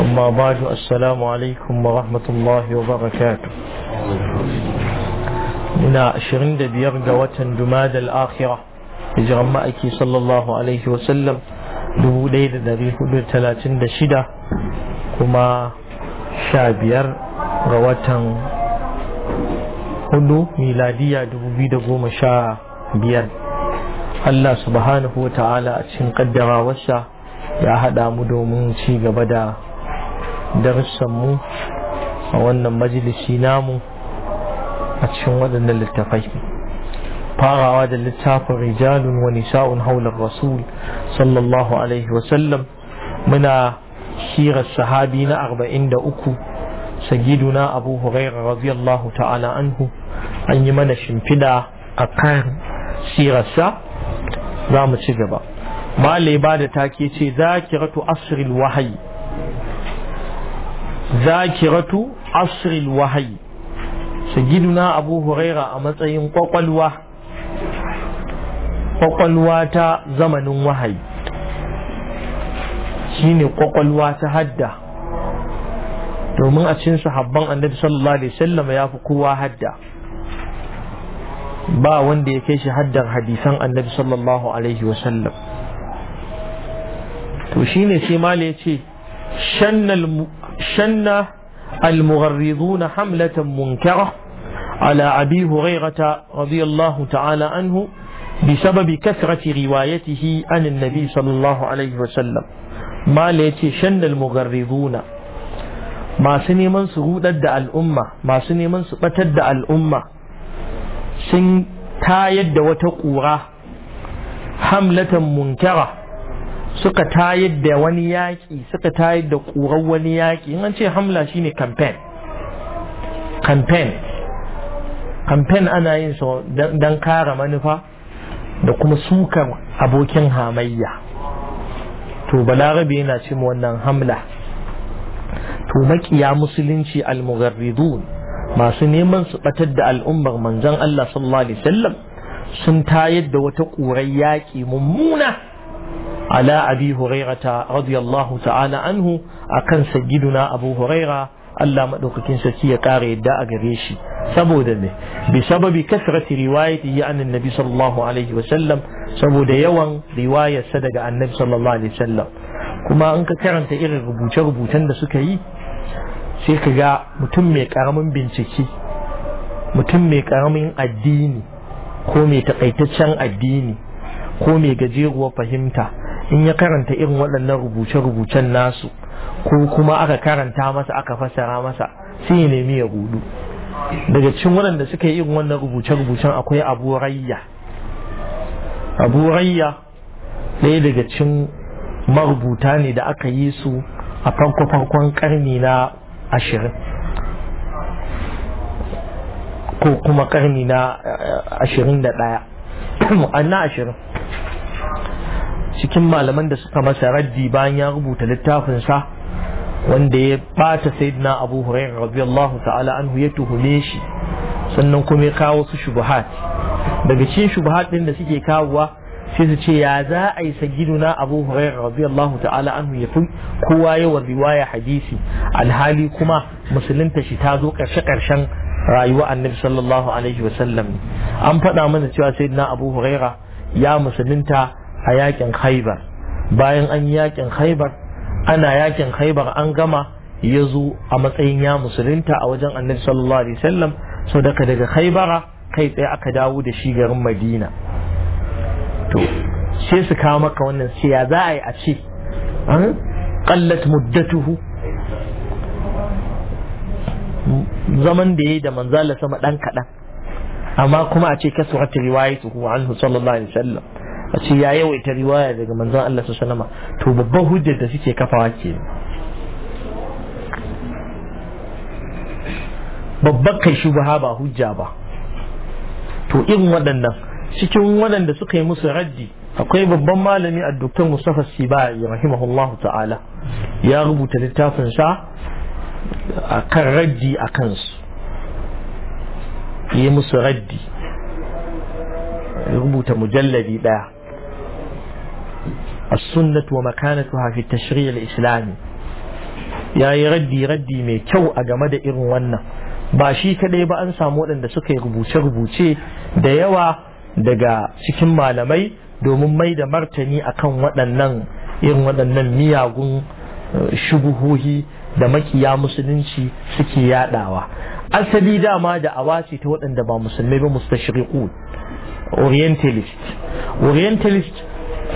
أما بعد السلام عليكم ورحمة الله وبركاته من أشرين دبير قوة دماد الآخرة إجرم مأكي صلى الله عليه وسلم دبو ليلة دريه ثلاثين دشدة كما شابير قوة حدو ميلادية دبو بيد قوم شابير a cikin وتعالى wasa ya haɗa mu domin ci gaba da darussanmu a wannan majalisi namu a cikin waɗannan littafai farawa da littafin rijalun wa nisa'un haular rasul sallallahu alaihi wasallam muna shirar sahabi na arba'in da uku sagiduna abu huraira radiyallahu ta'ala anhu an yi mana shimfida a kan sirarsa za mu ci gaba malai ba da take ce ratu asril wahayi zakiratu asril wahayi sajiduna abu huraira a matsayin kwakwalwa kwakwalwa ta zamanin wahayi shine kwakwalwa ta hadda domin a cin sahabban annabi sallallahu alaihi wasallam ya fi kowa hadda ba wanda ya kai shi haddar hadisan annabi sallallahu alaihi wasallam to shine sai mala ya ce shannal شن المغرضون حملة منكرة على أبي هريرة رضي الله تعالى عنه بسبب كثرة روايته عن النبي صلى الله عليه وسلم ما ليتي شن المغرضون ما سني من سرودد الأمة ما سني من سبتد الأمة سن تايد وتقورة حملة منكرة suka tayar da wani yaƙi suka tayar da ƙuran wani yaƙi in an ce hamla shi campaign campaign campaign ana yin sa don kare manufa da kuma sukar abokin hamayya to balarabe yana ce wannan hamla to makiya musulunci almugharridun masu neman su batar da al'ummar manzon Allah sallallahu alaihi wasallam sun tayar da wata ƙurar yaƙi mummuna ala abi hurairata radiyallahu ta'ala anhu akan sayyiduna abu huraira Allah madaukakin sarki ya kare yadda a gare shi saboda ne bi sababi kasrati riwayatihi an annabi sallallahu alaihi wa sallam saboda yawan riwayarsa daga annabi sallallahu alaihi wa sallam kuma in ka karanta irin rubuce-rubucen da suka yi sai ka ga mutum mai karamin bincike mutum mai karamin addini ko mai takaitaccen addini ko mai gajeruwa fahimta in ya karanta irin waɗannan rubuce-rubucen nasu ko kuma aka karanta masa aka fassara masa sai ya nemi ya gudu daga cikin waɗanda suka yi irin wannan rubuce-rubucen akwai abu rayya abu rayya ɗaya daga cikin marubuta ne da aka yi su a farko-farkon karni na ashirin ko kuma karni na eh, ashirin da ɗaya na ashirin cikin malaman da suka masa raddi bayan ya rubuta littafinsa wanda ya bata sayyidina abu hurairah radiyallahu ta'ala anhu ya tuhume shi sannan kuma ya kawo su shubuhat daga cikin shubuhat din da suke kawowa sai su ce ya za a yi sagiduna abu hurairah radiyallahu ta'ala anhu ya fi kowa yawan riwaya hadisi alhali kuma musulunta shi ta zo karshe karshen rayuwa annabi sallallahu alaihi sallam. an faɗa mana cewa sayyidina abu hurairah ya musulunta a yakin haibar bayan an yakin haibar ana yakin haibar an gama ya zo a matsayin ya musulunta a wajen annabi sallallahu alaihi wasallam so daga daga haibara kai tsaye aka dawo da shi garin madina to sai su kawo maka wannan sai ya za a yi a ce qallat muddatuhu zaman da ya yi da manzala sama dan kaɗan amma kuma a ce kasu wata riwayatuhu anhu sallallahu alaihi wasallam a ce ya yawaita riwaya daga manzon Allah sallallahu alaihi to babban hujjar da suke kafawa ke babban kai shubha ba hujja ba to irin waɗannan cikin waɗanda suka yi musu raddi akwai babban malami a doktor Mustafa Sibai rahimahullahu ta'ala ya rubuta littafin sa akan raddi a kansu yi musu raddi rubuta mujalladi ɗaya السنة ومكانتها في التشريع الإسلامي ya yi raddi-raddi mai kyau a game da irin wannan ba shi kadai ba an samu waɗanda suka yi rubuce-rubuce da yawa daga cikin malamai domin mai da martani akan waɗannan irin waɗannan miyagun shubuhuhi da makiya musulunci suke yadawa asali dama da awaci ta waɗanda ba musulmai ba mustashriqun orientalist orientalist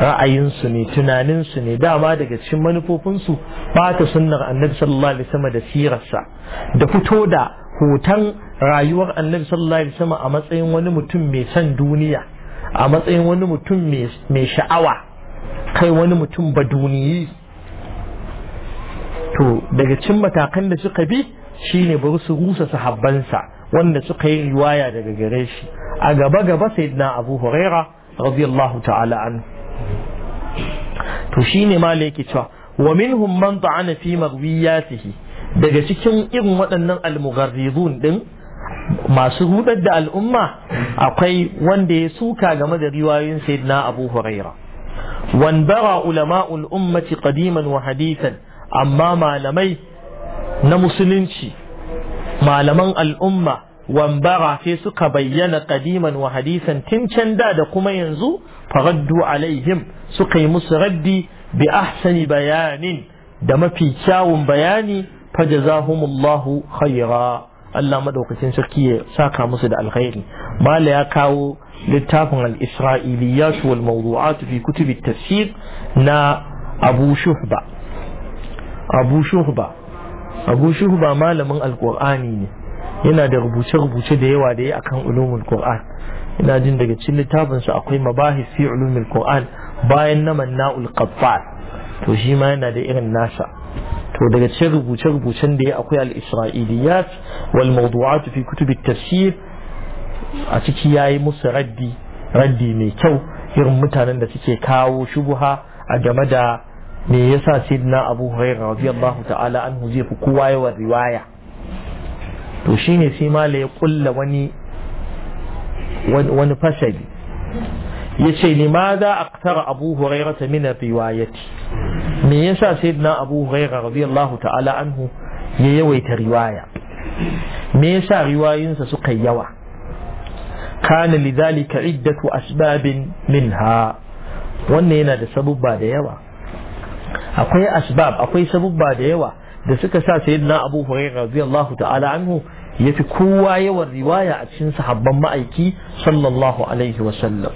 ra'ayinsu ne tunaninsu ne dama daga cikin manufofinsu bata sunnar annabi sallallahu alaihi wasallam da sirarsa da fito da hoton rayuwar annabi sallallahu alaihi wasallam a matsayin wani mutum mai son duniya a matsayin wani mutum mai sha'awa kai wani mutum ba duniyi to daga cikin matakan da suka bi shine bari su rusa sahabbansa wanda suka yi riwaya daga gare shi a gaba gaba sayyidina abu huraira radiyallahu ta'ala anhu to shine mala yake cewa wa minhum man ta'ana fi maghwiyatihi daga cikin irin waɗannan almugharrizun din masu hudar da al'umma akwai wanda ya suka game da riwayoyin sayyidina Abu Huraira wanbara ulama'ul ummati qadiman wa hadithan amma malamai na musulunci malaman al'umma wambara sai suka bayyana qadiman wa hadithan tun can da da kuma yanzu faraddu alaihim suka yi musu raddi bi ahsani bayanin da mafi kyawun bayani fajazahumullahu khaira Allah madaukakin sarki ya saka musu da alkhairi mala ya kawo littafin al-isra'iliyat wal mawdu'at fi kutub at-tafsir na Abu Shuhba Abu Shuhba Abu Shuhba malamin alqur'ani ne yana da rubuce-rubuce da yawa da ya akan ulumul qur'an ina jin daga cikin littafin su akwai mabahis fi ulumil qur'an bayan na manna'ul qattan to shi ma yana da irin nasa to daga cikin rubuce rubucen da ya akwai al isra'iliyat wal mawdu'at fi kutub tafsir a ciki yayi musu raddi raddi mai kyau irin mutanen da suke kawo shubuha a game da me yasa sayyidina abu hurairah radiyallahu ta'ala anhu zai fi kowa yawan riwaya to shine sai ma ya kulla wani wani fasali ya ce a aktar abu huraira ta mina riwayati me yasa sayyidina abu huraira radiyallahu ta'ala anhu ya yawaita riwaya me yasa riwayinsa suka yawa kana lidhalika iddatu asbabin minha wannan yana da sabubba da yawa akwai asbab akwai sabubba da yawa da suka sa sayyidina abu hurairah radiyallahu ta'ala anhu ya fi kowa yawan riwaya a cikin sahabban ma'aiki sallallahu alaihi wasallam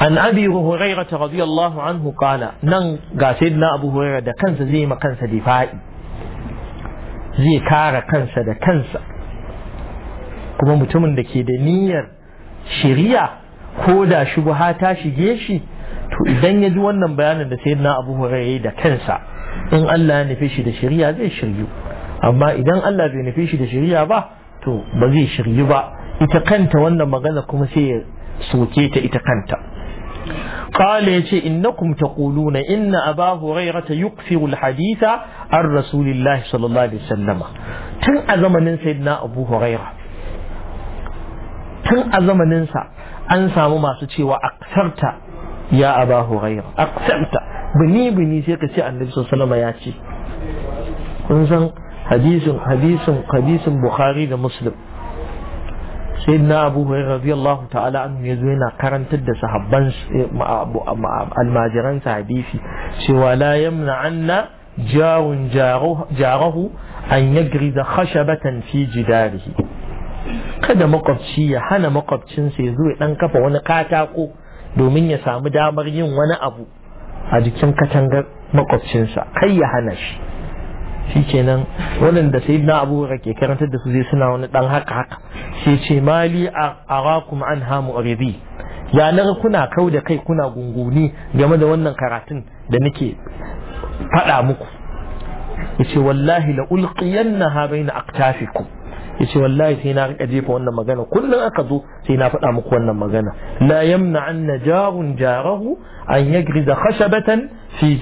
an abi hurairah radiyallahu anhu qala nan ga sayyidina abu hurairah da kansa zai ma kansa difa'i zai kara kansa da kansa kuma mutumin da ke da niyyar shari'a ko da shubha ta shige shi to idan ya ji wannan bayanin da sayyidina abu hurairah da kansa in Allah ya nufi shi da shari'a zai shiryu amma idan Allah bai nufi shi da shari'a ba to ba zai shiryu ba ita kanta wannan magana kuma sai ya soke ta ita kanta قال يجي إنكم تقولون إن أبا هريرة يكثر الحديث عن رسول الله صلى الله عليه وسلم تن أزمن سيدنا أبو هريرة تن أزمن ننسى أنسى مما ستشي وأكثرت يا أبا هريرة أكثرت بني بني سيكسي النبي صلى الله عليه وسلم ياتي kun san hadisin hadisin bukhari da muslim sai na abu hurairah radiyallahu ta'ala anhu ya zo yana karantar da sahabban eh, almajiran hadisi cewa la yamna anna jarun jarahu an yagriza khashabatan fi jidarihi kada makwabci ya hana makwabcinsa ya zo ya ɗan kafa wani katako domin ya samu damar yin wani abu a jikin katangar makwabcinsa kai ya hana shi kenan waɗanda sayyidina na hurairah ke karantar da su zai suna wani dan haka haka sai ce mali arakum anha mu'ridi ya yanar kuna kau da kai kuna gunguni game da wannan karatun da nake faɗa muku yace wallahi la ulqiyannaha baina Ya yace wallahi sai na rika jefa wannan magana kullum aka zo sai na faɗa muku wannan magana la yamna na jarun jarahu an yagriza khashabatan fi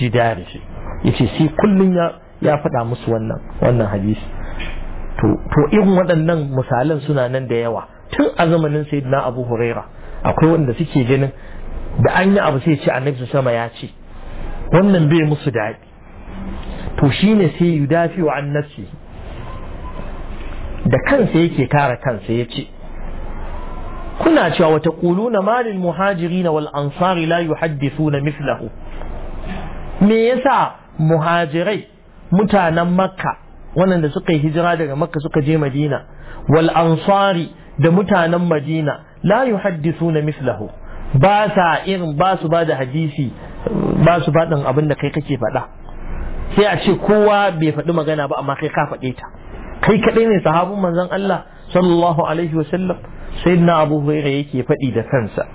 Ya ce sai kullum ya ya faɗa musu wannan wannan hadisi to to irin waɗannan misalan suna nan da yawa tun a zamanin sayyidina Abu Huraira akwai wanda suke ganin da an yi abu sai ce annabi sama ya ce wannan bai musu daɗi to shine sai yudafi wa annasi da kansa yake kare kansa ya ce kuna cewa wata kuluna malin muhajiri na wal ansari la yuhaddithuna mislahu? me yasa muhajirai mutanen makka waɗanda suka yi hijira daga makka suka je madina wal ansari da mutanen madina la na mislahu ba sa irin ba su ba da hadisi ba su faɗin abin da kai kake faɗa sai a ce kowa bai faɗi magana ba amma kai ka faɗe ta kai kaɗai ne sahabin manzon Allah sallallahu alaihi wa sallam sayyidina Abu Hurairah yake faɗi da kansa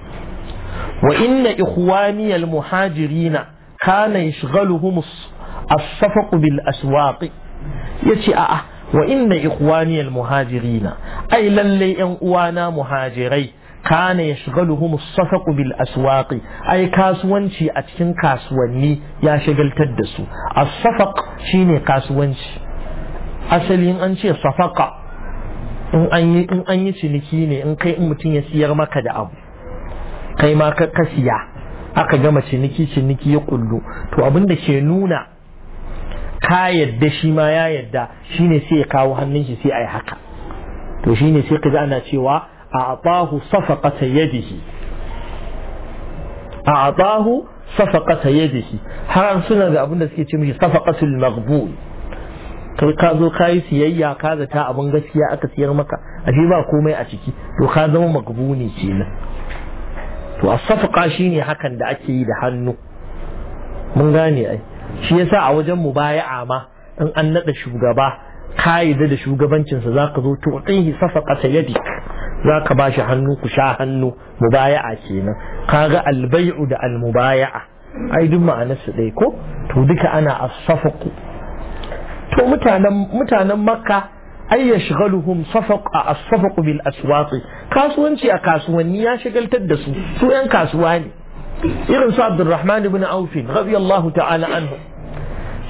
wa inna ikhwani al-muhajirina kana yashghaluhum as as-safaqu bil aswaqi yace a'a wa inna ikhwani al-muhajirina ai lalle yan uwana muhajirai kana ya shiga as-safaqu bil aswaqi ai kasuwanci a cikin kasuwanni ya shagaltar da su as-safaq shine kasuwanci asalin an ce safaqa in an ciniki ne in kai in mutum ya siyar maka da abu kai ma ka siya aka gama ciniki ciniki ya kullu to abin da ke nuna ka yadda shi ma ya yadda shi ne sai ya kawo hannun shi sai a yi haka to shi ne sai kaji ana cewa a atahu safaqata yadihi a atahu safaqata yadihi har suna da abin da suke ce mishi safaqatul maghbul kai ka zo ka yi siyayya ka zata abin gaskiya aka siyar maka a ba komai a ciki to ka zama ne kenan to a shi ne hakan da ake yi da hannu mun gane ai shi yasa a wajen mubaya'a ma in an nada shugaba ka'ida da shugabancinsa za ka zo tuɗihi safaqata yadi za ka ba shi hannu ku sha hannu mubaya'a kenan kaga albai'u da almubaya'a ai duk ma'anarsu ɗaya ko to duka ana as to mutanen mutanen makka ay yashghaluhum safaq a bil aswaq kasuwanci a kasuwanni ya shigaltar da su su yan kasuwa ne irin su abdurrahman ibn aufin radiyallahu ta'ala anhu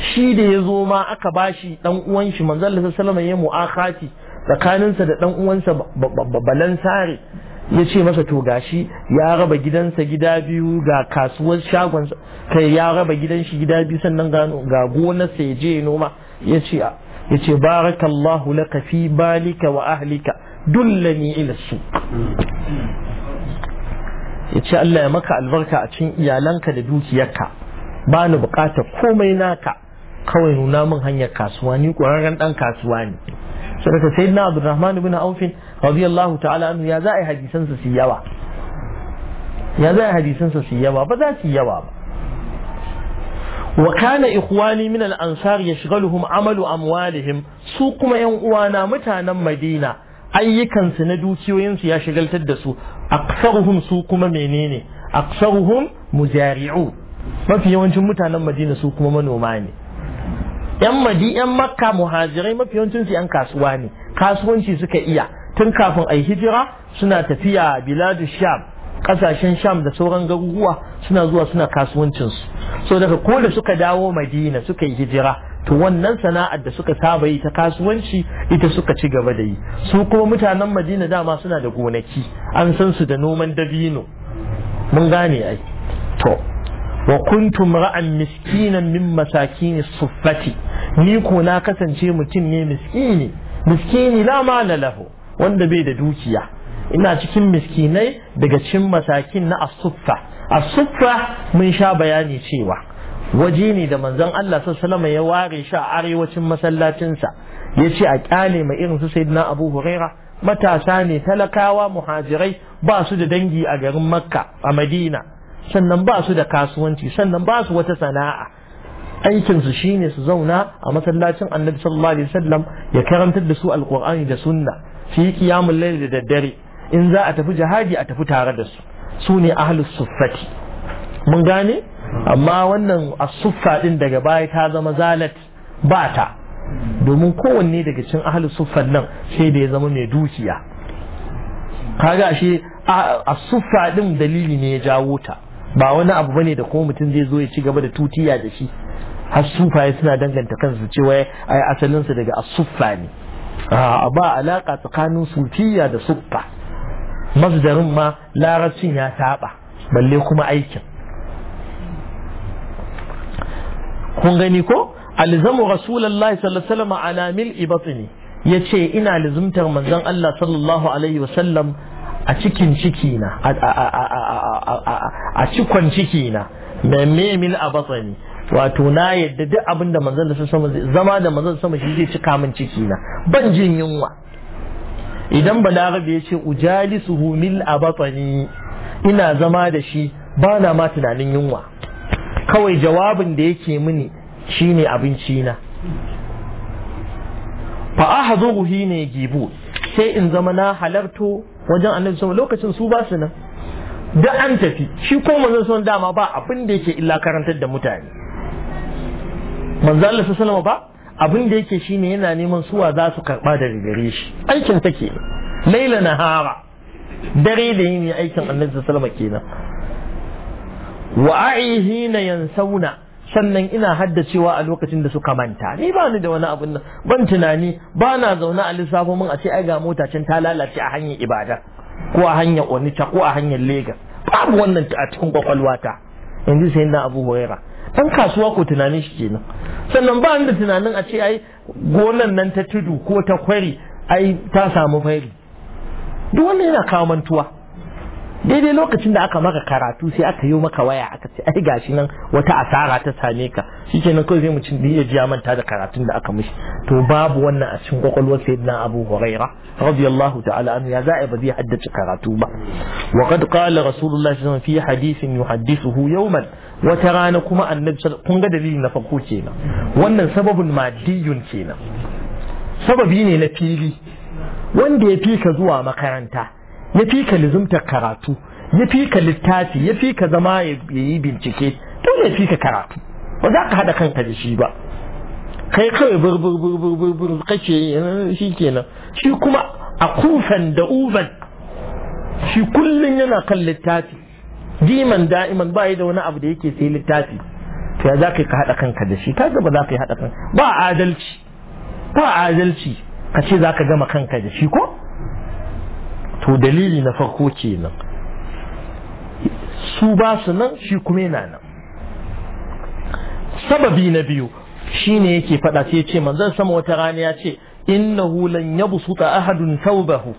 shi da ya zo ma aka bashi dan uwan shi manzon Allah sallallahu alaihi wasallam ya mu'akhati tsakaninsa da dan uwansa sare ya ce masa to gashi ya raba gidansa gida biyu ga kasuwar shagonsa kai ya raba gidan shi gida biyu sannan ga gonarsa ya je noma ya ce ya ce barakallahu laka fi balika wa ahlika dullani ila su ya ce Allah ya maka albarka a cikin iyalanka da dukiyarka ba ni bukatar komai naka kawai nuna min hanyar kasuwa ni ƙwararren ɗan kasuwa ne sadaka sai na abdurrahman ibn aufin radiyallahu ta'ala anhu ya za a yi hadisan su yawa ya za a yi hadisan su yawa ba za su yawa ba ya shiga من Amalu يشغلهم عمل su kuma yan uwana mutanen madina ayyukansu na dukiyoyinsu ya shigaltar da su aksaruhum su kuma menene aksaruhum mujari'u mafi yawancin mutanen madina su kuma manoma ne yan madi yan makka muhajirai mafi yawancin su yan kasuwa ne kasuwanci suka iya tun kafin a hijira suna tafiya biladu sham kasashen sham da sauran garuruwa suna zuwa suna kasuwancinsu so daga ko da suka dawo madina suka yi hijira to wannan sana'ar da suka saba yi ta kasuwanci ita suka ci gaba da yi su kuma mutanen madina dama suna da gonaki an san su da noman dabino mun gane ai to wa kuntum ra'an miskinan min masakini suffati ni ko na kasance mutum ne miskini miskini la mala lahu wanda bai da dukiya ina cikin miskinai daga cikin masakin na asuffa asuffa mun sha bayani cewa waje ne da manzon Allah sallallahu ya ware shi a arewacin masallacinsa ya ce a kyale mai irin su sayyidina Abu Huraira matasa ne talakawa muhajirai ba su da dangi a garin Makka a Madina sannan ba su da kasuwanci sannan ba su wata sana'a aikinsu shine su zauna a masallacin annabi sallallahu alaihi wasallam ya karantar da su alqur'ani da sunna su yi qiyamul layl da daddare in za a tafi jihadi a tafi tare da su su ne ahlus suffati mun gane amma wannan asuffa din daga baya ta zama zalat ba ta domin kowanne daga cikin ahalin suffan nan sai da ya zama mai dukiya kaga shi asuffa din dalili ne ya jawo ta ba wani abu bane da kuma mutum zai zo ya ci gaba da tutiya da shi har sufaye suna danganta kansu cewa ai asalinsu daga asuffa ne a ba alaka tsakanin sufiya da suffa masdarin ma larabcin ya saba balle kuma aikin kun gani ko alzamu rasulullahi sallallahu alaihi wasallam ala mil'i batni yace ina lizumtar manzon Allah sallallahu alaihi wasallam a cikin ciki na a cikon ciki na me mil a wato na yadda duk abin da manzon da sama zama da manzon sama shi zai cika min ciki na ban jin yunwa idan balarabe ya ce ujalisuhu mil a ina zama da shi ba na ma tunanin yunwa kawai jawabin da yake mini shine abinci na fa ahzuhu ne gibu sai in zama na halarto wajen annabi sama lokacin su ba su nan da an tafi shi ko manzon sun dama ba abin da yake illa karantar da mutane manzo Allah sallallahu ba abin da yake shine yana neman suwa za su karba da gare shi aikin take laila nahara dare da yini aikin annabi sallallahu alaihi kenan wa'a'i na yansauna sannan ina haddacewa a lokacin da suka manta ni ba ni da wani abun nan ban tunani ba na zaune a lissafo mun a ce ai ga mota can ta lalace a hanyar ibada ko a hanyar onitsha ko a hanyar lega babu wannan a cikin kwakwalwata yanzu sai na abu huraira dan kasuwa ko tunanin shi kenan sannan ba ni da tunanin a ce ai gonan nan ta tudu ko ta kwari ai ta samu fari duk wannan yana kawo mantuwa daidai lokacin da aka maka karatu sai aka yi maka waya aka ce ai gashi nan wata asara ta same ka shikenan kawai zai mutum ya jiya manta da karatun da aka mishi to babu wannan a cikin kwakwalwar sayyidina Abu Huraira radiyallahu ta'ala anhu ya za'i ba zai haddace karatu ba wa qad qala rasulullahi sallallahu fi hadithin yuhaddithuhu yawman wata rana kuma annabi kun ga dalili na farko kenan wannan sababun madiyun kenan sababi ne na fili wanda ya fi ka zuwa makaranta ya fi ka lizumtar karatu ya fi ka littafi ya fi ka zama ya yi bincike to ya fi ka karatu ba za ka haɗa kanka da shi ba kai kawai burbur kake eh, shi kenan shi kuma a kufan da uban shi kullum yana kan littafi diman da'iman ba da wani abu da yake sai littafi to ya za ka ka haɗa kanka da shi kaga ba za ka yi haɗa kanka ba adalci ba adalci ka ce za ka gama kanka da shi ko to dalili na farko kenan su ba su nan shi kuma yana nan sababi na biyu shine yake faɗa sai ya ce manzan sama wata rana ya ce innahu lan yabsuta ahadun taubahu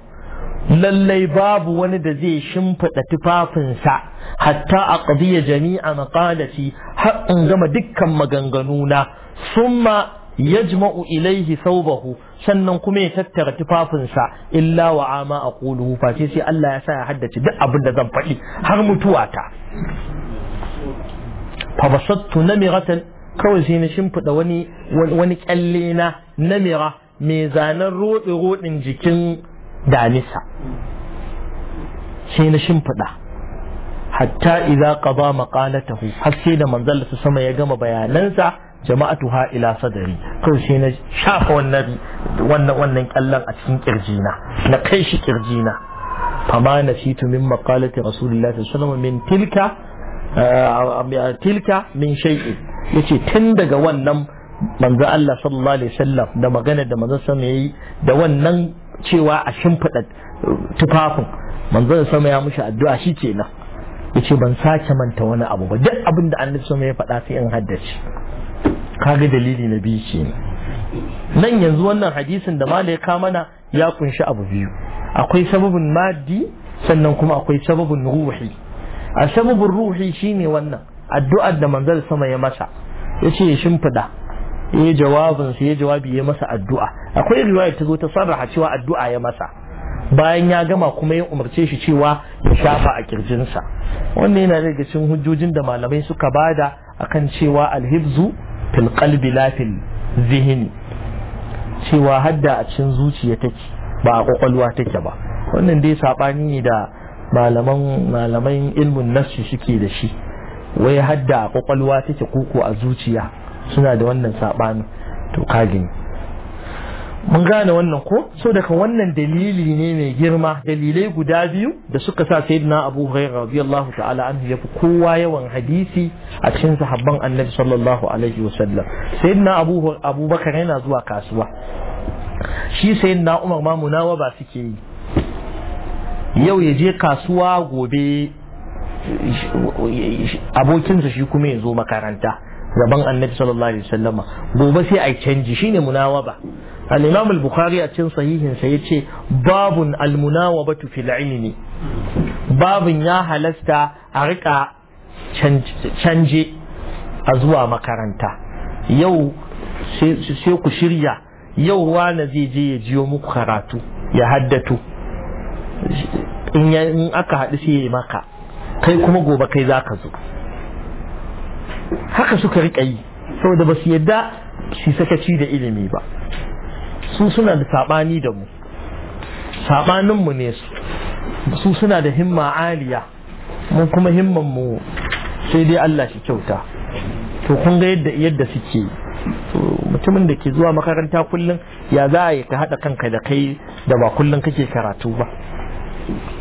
lallai babu wani da zai shimfiɗa tufafinsa hatta a ƙabiya jami'a maƙalaci har in gama dukkan maganganuna summa yajma'u ilaihi saubahu sannan kuma ya tattara tufafinsa illa wa ama a ƙuluhu face sai Allah ya sa ya haddace duk abin da zan faɗi har mutuwa ta fabasattu namiratan kawai sai na shimfiɗa wani wani kyalle na namira mai zanen roɗe roɗin jikin damisa sai na shimfiɗa hatta idza qada maqalatahu har sai da manzon sama ya gama bayanansa jama'atuha ila sadari kawai shi na shafa wannan wannan wannan kallon a cikin kirjina na kai shi kirjina fama nasitu min maqalati rasulullahi sallallahu alaihi min tilka eh, tilka min shay'in yace tun daga wannan manzo Allah sallallahu alaihi wasallam da magana da manzo sama yayi da wannan cewa a shimfida tufafin manzo sama ya mushi addu'a shi ce na yace ban sake manta wani abu ba duk abin da annabi sama ya faɗa sai in haddace kaga dalili na biyu ke nan yanzu wannan hadisin da malai ya mana ya kunshi abu biyu akwai sababin maddi sannan kuma akwai sababin ruhi a sababin ruhi shine wannan addu'ar da manzal sama ya masa Ya ce ya shimfida ya yi jawabinsa ya jawabi ya masa addu'a akwai riwaya ta zo ta sarraha cewa addu'a ya masa bayan ya gama kuma ya umarce shi cewa ya shafa a kirjinsa wannan yana daga cikin hujjojin da malamai suka bada akan cewa alhibzu fil qalbi la fil zihni cewa hadda a cikin zuciya take ba a kwakwalwa take ba wannan dai sabani ne da malaman malaman ilmun nafsi suke da shi wai hadda a kwakwalwa take koko a zuciya suna da wannan sabani to kagin mun gane wannan ko so daga wannan dalili ne mai girma dalilai guda biyu da suka sa sayyidina Abu Hurairah radiyallahu ta'ala anhu fi kowa yawan hadisi a cikin sahabban Annabi sallallahu alaihi wasallam sayyidina Abu Abubakar yana zuwa kasuwa shi sayyidina Umar ma munawa ba suke yi yau ya je kasuwa gobe abokinsa shi kuma ya zo makaranta gaban annabi sallallahu alaihi wasallama gobe sai a canji shine ba. al-imam al-bukhari a cikin sahihin sa yace babun al-munawabatu fil ilmi babun ya halasta a rika canje a zuwa makaranta yau sai ku shirya yau wani zai je ya jiyo muku karatu ya haddatu in aka haɗu sai ya maka kai kuma gobe kai zaka zo haka suka rika yi saboda ba su yadda su sakaci da ilimi ba su suna da saɓani da mu saɓaninmu ne su su suna da himma aliya mun kuma himman mu sai dai Allah shi kyauta to kun ga yadda yadda suke mutumin da ke zuwa makaranta kullum ya za a yi ka haɗa kanka da kai da ba kullum kake karatu ba